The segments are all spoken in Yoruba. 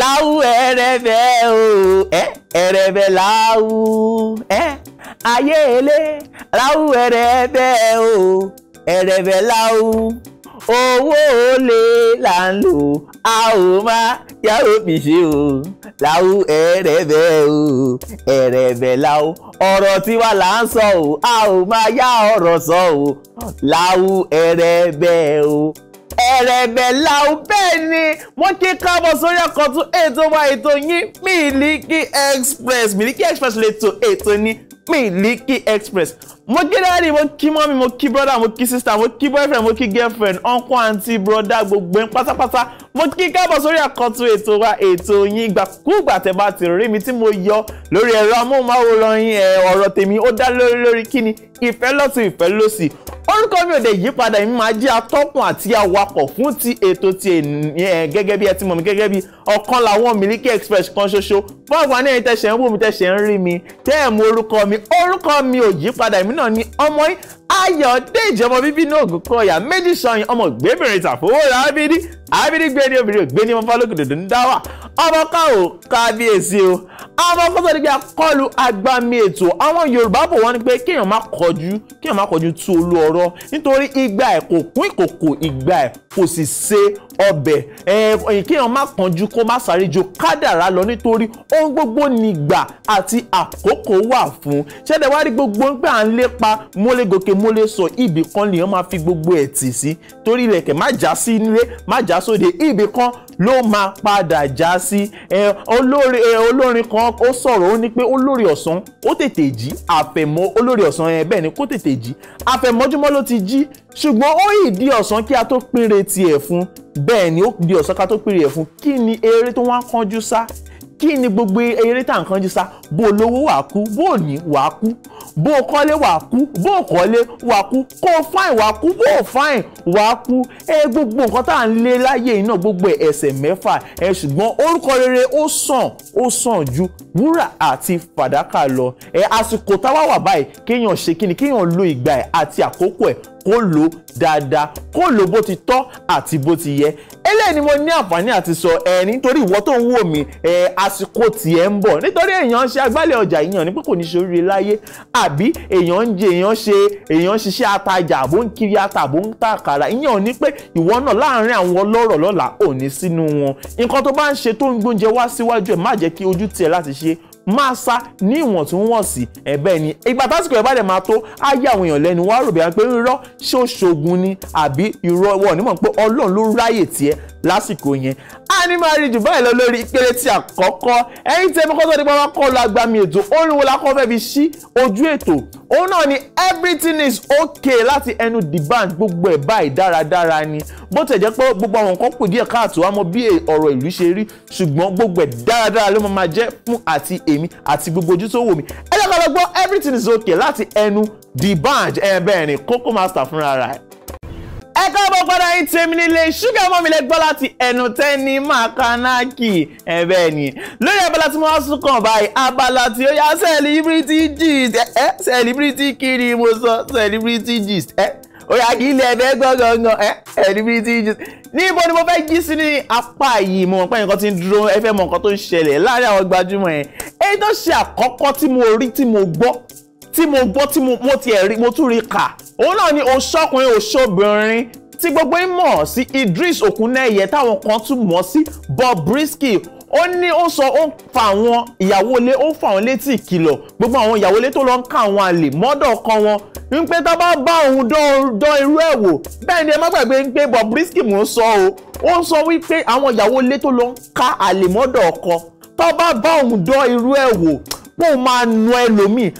láwù ẹrẹ̀fẹ̀ o ẹ ẹrẹ̀fẹ̀ láwù ẹ ayé èlé láwù ẹrẹ̀fẹ̀ o ẹrẹ̀fẹ̀ láwù owó olè là ń lò a ò má yàwó mi ṣe o láwù ẹrẹ̀fẹ̀ o ẹrẹ̀fẹ̀ láwù ọ̀rọ̀ tiwa là ń sọ o a ò má yá ọ̀rọ̀ sọ o láwù ẹrẹ̀fẹ̀ o ẹ̀rẹ̀bẹ̀ la ò bẹ́ẹ̀ ni mo kí káàbọ̀ sórí àkọ́tún ètò wa ètò yín Miliki Express Miliki Express lè tò ètò ní Miliki Express mo kí dáàdì mo kí mọ́mí mo kí brọ́dà mo kí sísítà mo kí boyfriend mo kí girlfriend uncle àǹtí brọ́dà gbogbo ẹ̀ pátápátá mo kí káàbọ̀ sórí àkọ́tún ètò wa ètò yín ìgbàkúgbà tẹ́ bá ti rí mi tí mo yọ lórí ẹ̀rọ amóhùnmáwòrán yín ọ̀rọ̀ tèmi ó dá lórí lórí kíni ìfẹ́ lọ́tún ìfẹ́ lọ́sì orúkọ mi ò dé yípadà yìí máa jẹ́ atọ́kùn àti awakọ̀ fún ti ètò ti ẹ̀ gẹ́gẹ́ bí ẹ ti mọ̀ mí gẹ́gẹ́ bí ọ̀kan làwọn Miliki Express kan ṣoṣo fún àgbọ̀n ní ẹ̀yin tẹ̀sẹ̀ ń wò mí tẹ̀sẹ̀ ń rí mi tẹ́ ẹ̀ mú orúkọ mi orúkọ mi ò yípadà èmi náà ni ọmọ yín ayọ̀dèjì ọmọ bíbí náà Ògúnkọ̀yà méjì sọyìn ọmọ gbẹ́bìnrin tàfowóra abidi abidi gbé ní obìnrin ògbé ní ọmọ fálógún dòdò ń dá wà ọmọ ká ò kábíyèsí o àwọn kọ́sọ́ ni pé akọ́lu agbami ètò àwọn Yorùbá bò wọ́n ní pé kéèyàn má kọjú kéèyàn má kọjú tú olú ọ̀rọ̀ nítorí ìgbà ẹ̀ kò kún ìkòkò ìgbà ẹ̀ kò sì ṣe ọbẹ̀ ẹ̀ kéèyàn má kánjú kó má sáré ju kádàrá lọ nítorí ohun gbogbo nígbà àti àkókò wà fún ṣẹ́dẹ̀ wá rí gbogbo pé à ń lépa mólégòkè mólésọ ibì kan lèèyàn máa fi gbogbo ẹ̀ tì sí torí ilẹ̀kẹ̀ má já sí ilé má já ló máa padà já sí olórin olórin kan ó sọ̀rọ̀ ó ní pé olórí ọ̀sán ó tètè jí àfẹ̀mọ́ olórí ọ̀sán ẹ bẹ́ẹ̀ ni kó tètè jí àfẹ̀mọ́júmọ́ ló ti jí ṣùgbọ́n ó ì di ọ̀sán kí a tó pínre tiẹ̀ fún bẹ́ẹ̀ ni ó di ọ̀sán ká tó pínre ẹ̀ fún kí ni eré tó wá ń kánjú sá kí ni gbogbo eré tá à ń kánjú sá bó lówó wàá kú bó ní wàá kú bó kọ́lé wàá kú bó kọ́lé wàá kú kó fáìn wàá kú bó fáìn wàá kú ẹ gbogbo nǹkan tá à ń lé láyé iná gbogbo ẹsẹ̀ mẹ́fà ẹ ṣùgbọ́n orúkọ rere ó sàn ó sàn ju wúrà àti fàdákà lọ ẹ àsìkò táwa wà báyìí kéèyàn ṣe kíni kéèyàn lo ìgbà ẹ àti àkókò ẹ kó lò dáadáa kó lò bó ti tọ́ àti bó ti yẹ eléyìí ni mo ní àǹfààní àti sọ ẹ nítorí ìwọ tó ń wò mí ẹ àsìkò tiẹ̀ ń bọ̀ nítorí èèyàn ń ṣe agbálẹ̀ ọjà èèyàn ní pé kò ní ṣe oríire láyé àbí èèyàn ń jẹ èèyàn ṣe èèyàn ṣiṣẹ́ atajà àbó ń kiri ata àbó ń ta àkàrà ìyẹn ò ní pé ìwọ náà láàárín àwọn ọlọ́rọ̀ lọ́la ò ní sínú wọn nǹkan tó bá ń ṣe tó ń gbóúnjẹ wá síwájú ẹ̀ má jẹ́ kí ojú tiẹ̀ láti ṣe máa sá ní ìwọ̀ntúnwọ̀nsì ẹ̀bẹ́ ni ìgbà tásìkò ẹ̀ bá dẹ̀ máa tó á yà àwọn èèyàn lẹ́nu wá rò bí wọ́n pé irọ́ ṣé ó ṣoògùn ni àbí irọ́ wọn ò ní mọ̀ pé ọlọ́run ló ráyè tiẹ̀ lásìkò yẹn a ní máa rí jù báyìí lọ lórí ìpele tí àkọ́kọ́ ẹ̀yin tẹ́ mọ́kọ́ tó ní pa wá kọ́ lọ agbami ètò orin wo la kọ́ fẹ́ fi ṣí ojú ètò òun náà ni everything is okay láti ẹnu D'banj gbogbo ẹ̀ báyìí dáradára ni bó tẹ̀ jẹ́ pé gbogbo àwọn nǹkan kù díẹ̀ káàtó wá mọ bí ọ̀rọ̀ ìlú ṣe rí ṣùgbọ́n gbogbo ẹ̀ dáradára ló máa jẹ́ fún àti èmi àti gbogbo ojú tó wò mí ẹ jẹ́ ká lọ gbọ́ everything is okay láti ẹnu D'banj ẹ̀ bẹ́ẹ̀ ni Koko Master fúnra rẹ̀ ẹ káàbọ̀ padà yín tèmi nílé ṣúgà mọ́ mi lẹ́gbọ́ láti ẹnu tẹ́ni makanaki ẹ bẹ́ẹ̀ ni lórí abala tí mo wá sún kàn báyìí abala tí ó yá celebrity gist ẹ celebrity kiri mo sọ celebrity gist ẹ ó yá kí ilé ẹ̀fẹ́ gbọ́ngàn ẹ celebrity gist níbo ni mo fẹ́ jí sí ní apá yìí mo mọ̀ pé nǹkan ti ń dúró ẹ fẹ́ mọ̀ nǹkan tó ń ṣẹlẹ̀ láàárín àwọn gbajúmọ̀ yẹn èyí tó ṣe àkọ́kọ́ tí mo rí tí mo gbọ́ tí mo gbọ́ tí mo tiẹ̀ rí mo tún rí kà òun náà ni òṣọkùnrin òṣobìnrin tí gbogbo ń mọ̀ sí Idris Okuneye táwọn kan tún mọ̀ sí Bobrisky ó ní ó sọ ó ń fa àwọn ìyàwó ilé ó ń fa àwọn létí ìkìlọ̀ gbogbo àwọn ìyàwó ilé tó lọ ń ká àwọn àlè mọ́dọ̀ kan wọn wípé tá bá bá òun dán irú ẹ̀ wò bẹ́ẹ̀ ni ẹ má gbàgbé pé Bobrisky mò ń sọ o ó ń sọ wípé àwọn ìyàwó ilé tó lọ ń ká àlè mọ́dọ̀ ọkọ tó bá bá òun dán irú ẹ̀ wò pò máa nu ẹlòmíì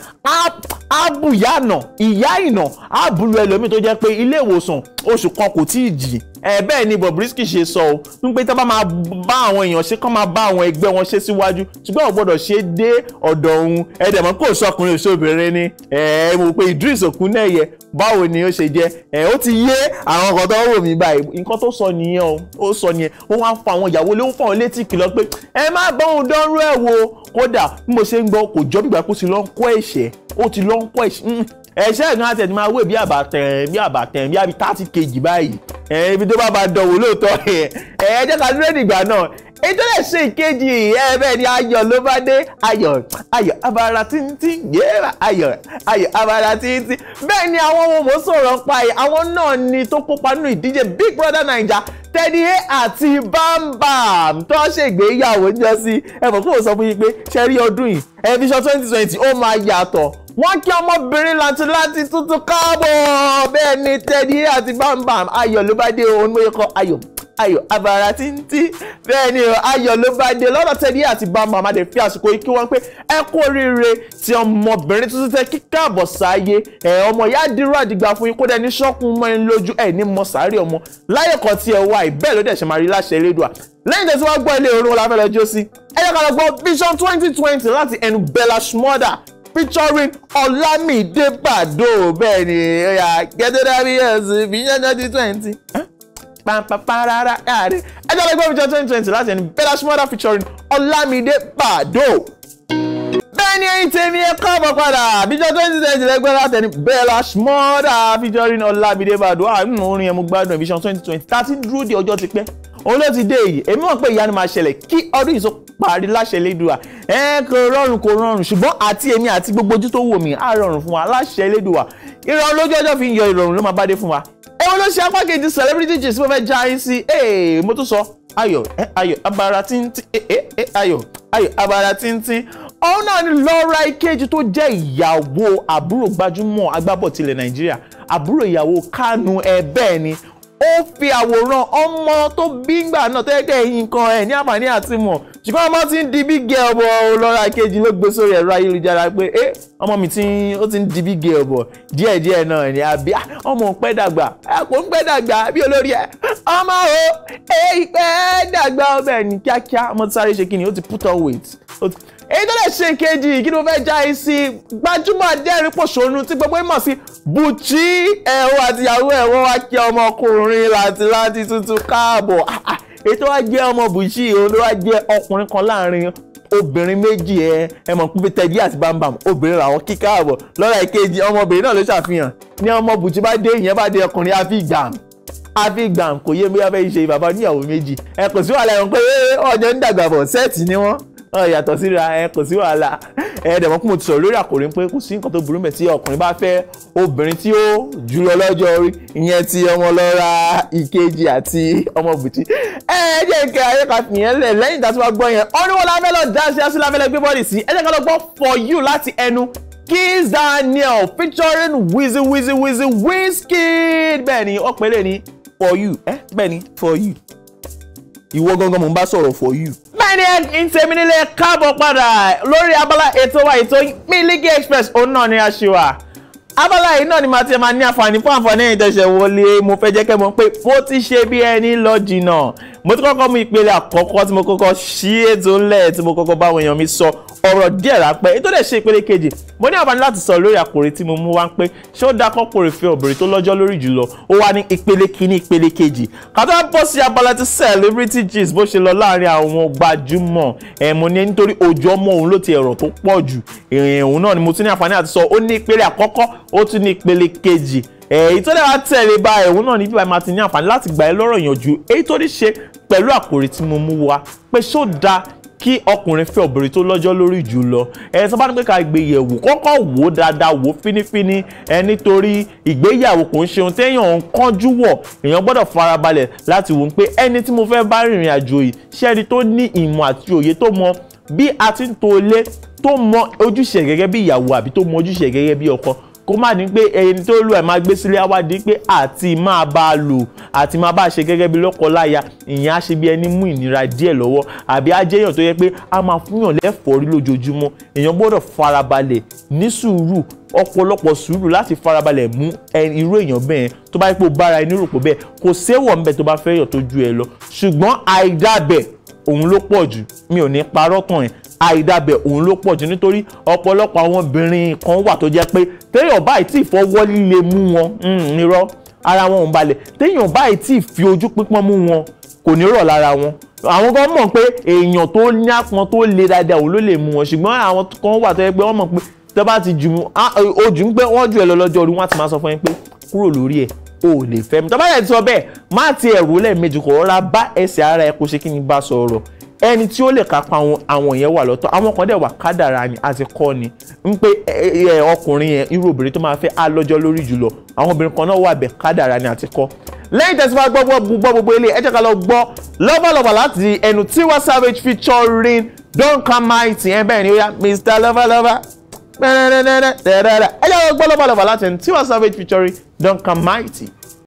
á bùyà nà ìyá ìnà á bùlù ẹlòmíì tó jẹ́ pé ilé ìwòsàn oṣù kan kò tí ì jì ẹ bẹ́ẹ̀ ni Bobrisky ṣe sọ o ń pé tá bá máa bá àwọn èèyàn ṣe kán máa bá àwọn ẹgbẹ́ wọn ṣe síwájú ṣùgbọ́n ò gbọ́dọ̀ ṣe dé ọ̀dọ̀ òun ẹ̀dẹ̀mọ́ kò sọkùnrin òṣòbìnrin ni ẹ mo pe Idris Okuneye báwo ni ó ṣe jẹ́ ẹ ó ti yé àwọn ọkọ̀ tó wò mí báyìí nǹkan tó sọ nìyẹn o ó sọ nìyẹn ó wá ń fa àwọn ìyàwó lé ó ń fa àwọn létí kìlọ̀ pé ẹ má bá òun dánrú ẹ̀ wo kódà bí mo ṣe ń gbọ́ kò jọ́ bígbà kó ti lọ́ ń kọ́ ẹ̀ṣẹ̀ ó ti lọ́ ń kọ́ ẹ̀ṣẹ̀ hmm. ẹ̀ṣẹ̀ ìgbọ́n àti máa wé bí àbàtẹ̀ bí àbàtẹ̀ bí àbí thirty kg báyìí ibi tó bá ba dọ̀wọ́ lóòótọ́ ẹ jẹ́ ká dúró dìgbà náà ètò lè ṣe ìkejì ẹ bẹ́ẹ̀ ni ayọ̀ ló bá dé ayọ̀ ayọ̀ abara tíntín yéèrà ayọ̀ ayọ̀ abara tíntín bẹ́ẹ̀ ni àwọn ohun mò ń sọ̀rọ̀ pa ẹ̀ àwọn náà ni tó kópa nínú ìdíje Big Brother Naija Teddy A àti Bambam tó ṣe ìgbéyàwó jọ sí ẹ mọ̀ kó o sọ fún yín pé ṣe rí ọdún yìí ẹ fi ṣọ twenty twenty ó máa yàtọ̀ wọ́n kí ọmọbìnrin láti láti tuntun káàbọ̀ bẹ́ẹ̀ ni tẹ́dí àti bámbàm ayọ̀ ló bá dé ohun mọ́yẹ́ kọ́ ayọ̀ ayọ̀ abara títí bẹ́ẹ̀ ni ayọ̀ ló bá dé lọ́dọ̀ tẹ́dí àti bámbàm adé fi àsìkò yìí kí wọ́n pé ẹ kú oríire tí ọmọbìnrin tuntun tẹ kí káàbọ̀ sáyé ẹ ọmọ ìyá àdírò àdìgbà fún yín kó dẹni ṣọ́kùn mọ́ ẹni lójú ẹ ní mọ sàárè ọmọ láyé kan tí ẹ wá ìbẹ́ẹ̀ ló dẹ̀ ṣe máa rí láṣẹ elédùà lẹ́yìn gbọ́ ilé orin wọn fẹ́ lọ jó sí ẹ yẹ lọ gbọ́ vision twenty twenty láti ẹnu Bella Shmurda featuring Ọlámídé Bàdó bẹ́ẹ̀ ni gẹ́gẹ́dá bí ẹ̀sìn bí yẹ́njẹ́ ti twenty pàmpàpàràrà káàdì ẹjọ́ lẹ́gbẹ́ mi jọ twenty twenty láti ẹni Bella Shmurda featuring Ọlámídé Bàdó. bẹ́ẹ̀ ni ẹ̀yin tèmi ẹ káàbọ̀ padà bíjọ́ twenty twenty lẹ́gbẹ́ láti ẹni Bella Shmurda featuring Olamide Bàdó àánú orin ẹ̀mú gbádùn Vision twenty twenty tá a ti dúró de ọjọ́ ti pẹ́ òun ló ti dé èyí èmi mọ̀ pé ìyanu máa ṣẹlẹ̀ kí ọdún yìí parí láṣẹ Elédùà ẹ kò rọrùn kò rọrùn ṣùgbọ́n àti èmi àti gbogbo ojú tó wò mí á rọrùn fún wa láṣẹ Elédùà ìrọ̀rùn lójú ọjọ́ fi ń yọ ìrọ̀rùn ló máa bá dé fún wa. èwo ló ṣe apá kejì celebrity gist mo fẹ́ já yín sí ee mo tún sọ ayọ̀ ayọ̀ abara tíntín e, e, e, ayọ̀ ayọ̀ abara tíntín òun náà ni Laura Ikeji tó jẹ́ ìyàwó àbúrò gbajúmọ̀ agbábọ̀tìlẹ̀ Nàìjíríà àbúrò ìyàwó Kanu ẹ bẹ́ẹ̀ ni ó fi àwòrán ọmọ tó bí ngbà náà tẹ́gẹ́ yín kan ẹ̀ ní àǹfààní àti mọ̀ ṣùgbọ́n ọmọ ti ń di big girl bọ̀ ọlọ́ra kejì ló gbé sórí ẹ̀rọ ayélujára pé ẹ ọmọ mi ó ti ń di big girl bọ̀ díẹ̀díẹ̀ náà ni àbí ah, ọmọ ń pẹ́ dàgbà kò ń pẹ́ dàgbà bí olórí ẹ̀ ọmọ o èyí pẹ́ dàgbà ọbẹ̀ ní kíákíá ọmọ ti sáré ṣe kí ni ó ti put on weight èyí tó lè ṣe kejì kí ni mo fẹ́ já yín sí gbajúmọ̀ adẹ́rìn pòṣónú tí gbogbo ìmọ̀ sí Bùchí ẹ̀hún àtìyàwó ẹ̀hún wá kí ọmọkùnrin láti láti tuntun káàbọ̀ ah, ah, èyí tó wá jẹ́ ọmọ Bùṣí òun ló wá jẹ́ ọkùnrin kan láàrin obìnrin méjì ẹ ẹ mọ̀ pé tẹ́jú àti bámbàm obìnrin làwọn kíkà àbọ̀ lọ́la ìkejì ọmọbìnrin náà ló ṣàfihàn ní ọmọ Bùṣí bá dé ìyẹn bá dé ọkùnrin àfi gbàm àfi gbàm kò yé bóyá fẹ́ẹ́ ṣe bàbá oníyàwó méjì ẹ kò sí wàhálà ẹ̀wọ̀n pé ọjọ́ ń dàgbà bọ̀ sẹ́ẹ̀tì ni wọ́n yàtọ̀ síra ẹ kò sí wàhálà ẹ̀ẹ́dẹ̀ mọ́ kí mo ti sọ̀rọ̀ lórí àkòrí pé kò sí nǹkan tó burú mẹ́ tí ọkùnrin bá fẹ́ obìnrin tí ó jùlọ lọ́jọ́ orí ìyẹn ti ọmọ lọ́ra ìkejì àti ọmọ bùtí ẹ ẹ ayé ká fìyẹn lẹ̀ lẹ́yìn tá a gbọ́ yẹn ọdún la fẹ́ sí asúlá fẹ́ gbé bọ́ọ̀lì sí ẹ jẹ́ for you láti ẹnu Kiss Daniel featuring Wizzy Wizzy Wizzy Wizkid bẹ́ẹ̀ ni ọ̀pẹ̀lẹ̀ ni for you ẹ eh? bẹ́ẹ̀ for you ìwọ gangan mò ń bá sọ̀rọ̀ for you bẹ́ẹ̀ ni ẹ̀yin tèmi nílé káàbọ̀ padà lórí abala ètò wa ètò Miliki Express òun náà ni a ṣe wà abala yìí náà ni màá ti máa ní àǹfààní fún àǹfààní ẹ̀yin tẹ̀sẹ̀ wọlé mo fẹ́ jẹ́ kẹ́ mọ̀ pé mo ti ṣe bí ẹni lọ jìnnà mo ti kọ́kọ́ mú ìpele àkọ́kọ́ tí mo kọ́kọ́ ṣí ètò ńlẹ̀ tí mo kọ́kọ́ bá àwọn èèyàn mi sọ ọ̀rọ̀ díẹ̀ ráńpẹ́ ètò dẹ̀ ṣe ìpele kejì mo ní àǹfààní láti sọ lórí àkòrí tí mo mú wá ń pé ṣé ó dá kọ́kùnrin fẹ́ obìnrin tó lọ́jọ́ lórí jùlọ ó wà ní ìpele kìíní ìpele kejì kátó bọ́ sí abala ti celebrity gist bó ṣe lọ láàrin àwọn gbajúmọ̀ ẹ̀ mo ní nítorí ojú ọmọ òun ló ti ẹ̀rọ tó pọ̀ jù òun náà ni mo tún ní àǹfààní àti sọ ó ní ìpele àkọ́kọ́ ó tún ní ìpele kejì èyí tó dára tẹ̀lé ba ẹ̀hún náà ní bíbá máa ti ní àǹfààní láti gbà ẹ́ lọ́rọ̀ ìyànjú èyí tó ní ṣe pẹ̀lú àkòrí tí mo mú wá pé ṣó dáa kí ọkùnrin fẹ́ obìnrin tó lọ́jọ́ lórí jù lọ ẹ sọ bá ní pé ká gbéyẹ̀wò kọ́kọ́ wò ó dáadáa wò ó fínífíní ẹ nítorí ìgbéyàwó kò ń ṣe ohun téèyàn ń kánjú wọ̀ èèyàn gbọ́dọ̀ farabalẹ̀ láti wò ó pé ẹni tí mo fẹ́ bá rìnrìn àjò yìí ṣé ẹni tó ní ìmọ̀ àti òye tó mọ bí a ti ń to ilé tó mọ ojúṣe gẹ́gẹ́ bí ìyàwó àbí tó mọ ojúṣe gẹ́gẹ́ bí ọkọ kó má ní pé ẹni tó lù ẹ̀ máa gbé sílé á wá di pé àti máa bá a lò àti máa bá a ṣe gẹ́gẹ́ bí lọ́kọláya ìyẹn á ṣe bí ẹni mú ìnira díẹ̀ lọ́wọ́ àbí á jẹ́ èèyàn tó yẹ pé á máa fúnyàn lẹ́fọ̀ọ́rí lójoojúmọ́ èèyàn gbọ́dọ̀ farabalẹ̀ ní sùúrù ọ̀pọ̀lọpọ̀ sùúrù láti farabalẹ̀ mú irú èèyàn bẹ́ẹ̀ tó bá yẹ pé o bára ẹni rò pọ̀ bẹ́ẹ̀ kò séwọ̀ ńbẹ tó bá fẹ́ yàn tó ju ẹ lọ ṣùgbọ́n àìdábẹ̀ òun ló pọ̀ jù mi ò ní parọ́ tàn ẹ́ àìdábẹ̀ òun ló pọ̀ jù nítorí ọ̀pọ̀lọpọ̀ àwọn obìnrin kan wà tó jẹ́ pé téèyàn báyìí tí ìfọwọ́ líle mú wọn nírọ́ mm, ara wọn ò balẹ̀ téèyàn báyìí tí ìfi ojú pípọ́n mú wọn kò ní rọ̀ lára wọn àwọn kan mọ̀ pé èèyàn tó ní àpọn tó le dáadáa òun ló lè mú wọn ṣùgbọ́n àwọn kan wà tó yẹ pé wọ́n mọ̀ pé tó bá ti jù ah, ojú ń pé wọ́n jù ẹ lọ lọ́jọ́ orí wọ́n á ti máa sọ fún yín pé kúrò lórí ẹ̀ o ò lè fẹ́ mi tó bá yẹ ti sọ bẹ́ẹ̀ má ti ẹ̀rù lẹ́ẹ̀mejì kò rọra bá ẹsẹ̀ ara ẹ kó ṣe kí ni bá sọ ẹni tí ó lè kápá àwọn yẹn wà lọ́tọ̀ àwọn kan dẹ̀ wà kádàrá ni àti kọ́ ni ń pé ẹ ọkùnrin yẹn irú obìnrin tó máa fẹ́ á lọ́jọ́ lórí jùlọ àwọn obìnrin kan náà wà bẹ̀ kádàrá ni àti kọ́ lẹ́yìn tẹ̀síwájú gbọ́ gbọ́ gbogbo ilé ẹ jẹ́ ká lọ gbọ́ lọ́bàlọ́bà láti ẹnu Tiwa Savage featuring Don Kamite ẹ bẹ́ẹ̀ ni ó yá Mr Lọ́bàlọ́bà ẹ jẹ́ ká lọ gbọ́ lọ́bàlọ́bà láti ẹnu Tiwa Savage featuring Don Kamite.